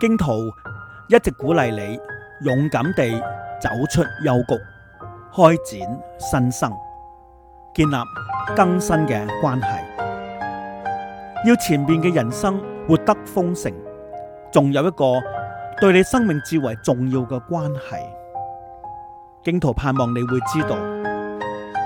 荊徒一直鼓勵你勇敢地走出幽谷，開展新生，建立更新嘅關係。要前面嘅人生活得豐盛，仲有一個對你生命至為重要嘅關係。荊徒盼望你會知道。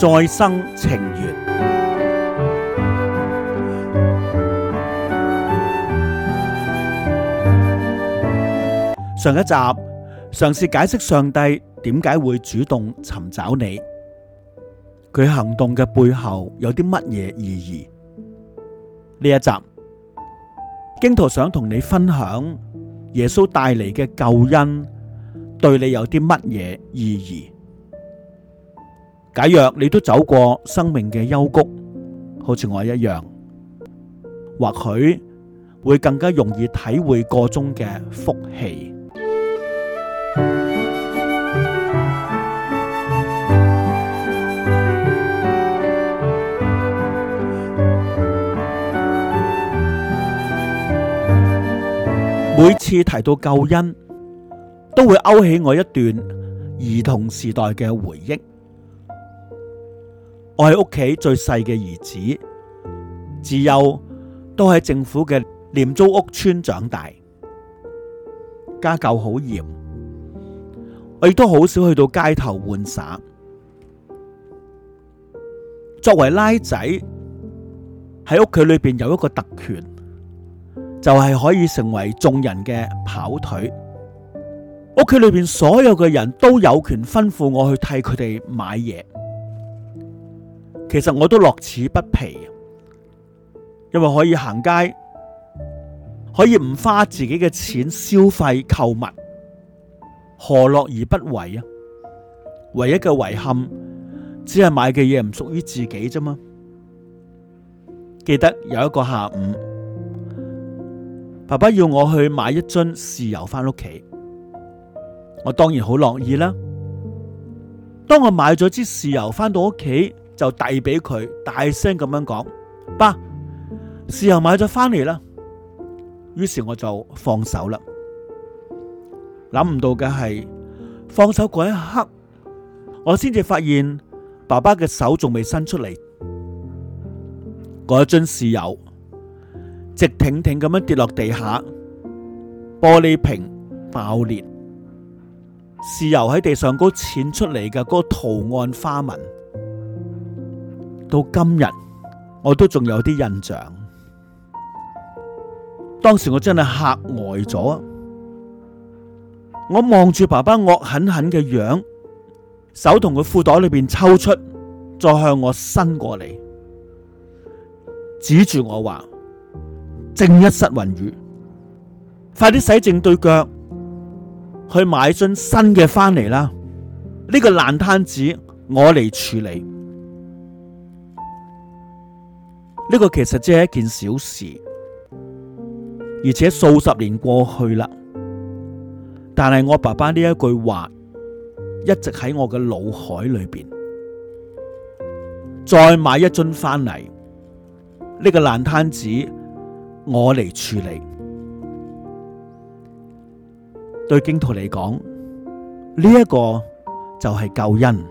再生情緣。上一集嘗試解釋上帝點解會主動尋找你，佢行動嘅背後有啲乜嘢意義？呢一集，荊徒想同你分享耶穌帶嚟嘅救恩對你有啲乜嘢意義？假若你都走過生命嘅幽谷，好似我一樣，或許會更加容易體會個中嘅福氣。每次提到救恩，都會勾起我一段兒童時代嘅回憶。我喺屋企最細嘅兒子，自幼都喺政府嘅廉租屋邨長大，家教好嚴。我亦都好少去到街頭玩耍。作為拉仔喺屋企裏邊有一個特權，就係，可以成為眾人嘅跑腿。屋企裏邊所有嘅人都有權吩咐我去替佢哋買嘢。其實我都樂此不疲，因為可以行街，可以唔花自己嘅錢消費購物，何樂而不為啊？唯一嘅遺憾，只係買嘅嘢唔屬於自己啫嘛。記得有一個下午，爸爸要我去買一樽豉油翻屋企，我當然好樂意啦。當我買咗支豉油翻到屋企。就遞俾佢，大聲咁樣講：爸，豉油買咗翻嚟啦。於是我就放手啦。諗唔到嘅係，放手嗰一刻，我先至發現爸爸嘅手仲未伸出嚟。嗰樽豉油直挺挺咁樣跌落地下，玻璃瓶爆裂，豉油喺地上高濺出嚟嘅嗰個圖案花紋。到今日，我都仲有啲印象。當時我真係吓呆咗，我望住爸爸惡狠狠嘅樣，手同佢褲袋裏邊抽出，再向我伸過嚟，指住我話：正一失魂魚，快啲洗淨對腳，去買樽新嘅翻嚟啦！呢、這個爛攤子我嚟處理。呢個其實只係一件小事，而且數十年過去啦。但係我爸爸呢一句話一直喺我嘅腦海裏邊。再買一樽翻嚟，呢個爛攤子我嚟處理。對荊徒嚟講，呢一個就係救恩。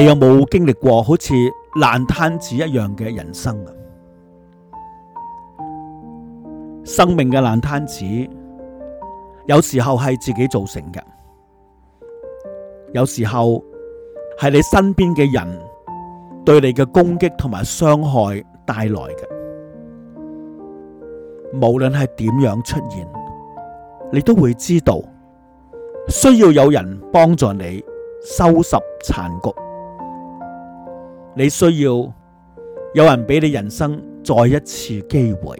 你有冇經歷過好似爛攤子一樣嘅人生啊？生命嘅爛攤子，有時候係自己造成嘅，有時候係你身邊嘅人對你嘅攻擊同埋傷害帶來嘅。無論係點樣出現，你都會知道，需要有人幫助你收拾殘局。你需要有人俾你人生再一次機會。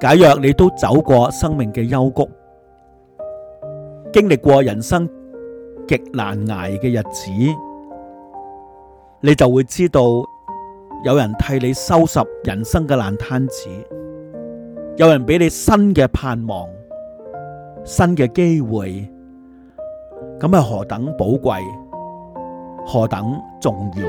假若你都走過生命嘅幽谷，經歷過人生極難挨嘅日子，你就會知道有人替你收拾人生嘅爛攤子，有人俾你新嘅盼望、新嘅機會。咁係何等寶貴，何等重要？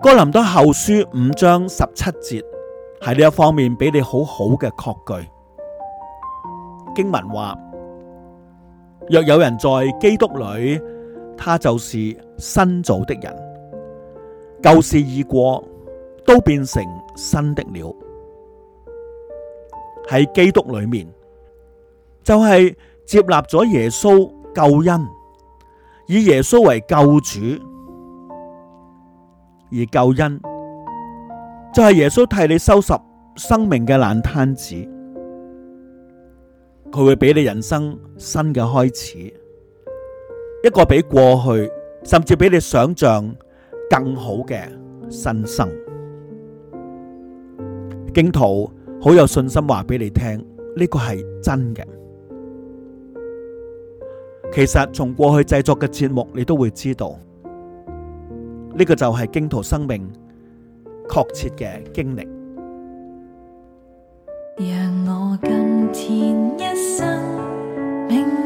哥林多後書五章十七節係呢一方面俾你好好嘅確據。經文話：若有人在基督裏，他就是新造的人，舊事已過，都變成新的了。喺基督裏面，就係接納咗耶穌救恩，以耶穌為救主，而救恩就係耶穌替你收拾生命嘅爛攤子，佢會俾你人生新嘅開始。一個比過去甚至比你想象更好嘅新生，荊徒好有信心話俾你聽，呢、這個係真嘅。其實從過去製作嘅節目，你都會知道，呢、這個就係荊徒生命確切嘅經歷。讓我今天一生明明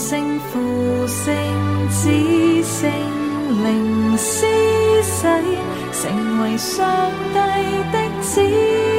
聖父、聖子、聖靈施洗，成為上帝的子。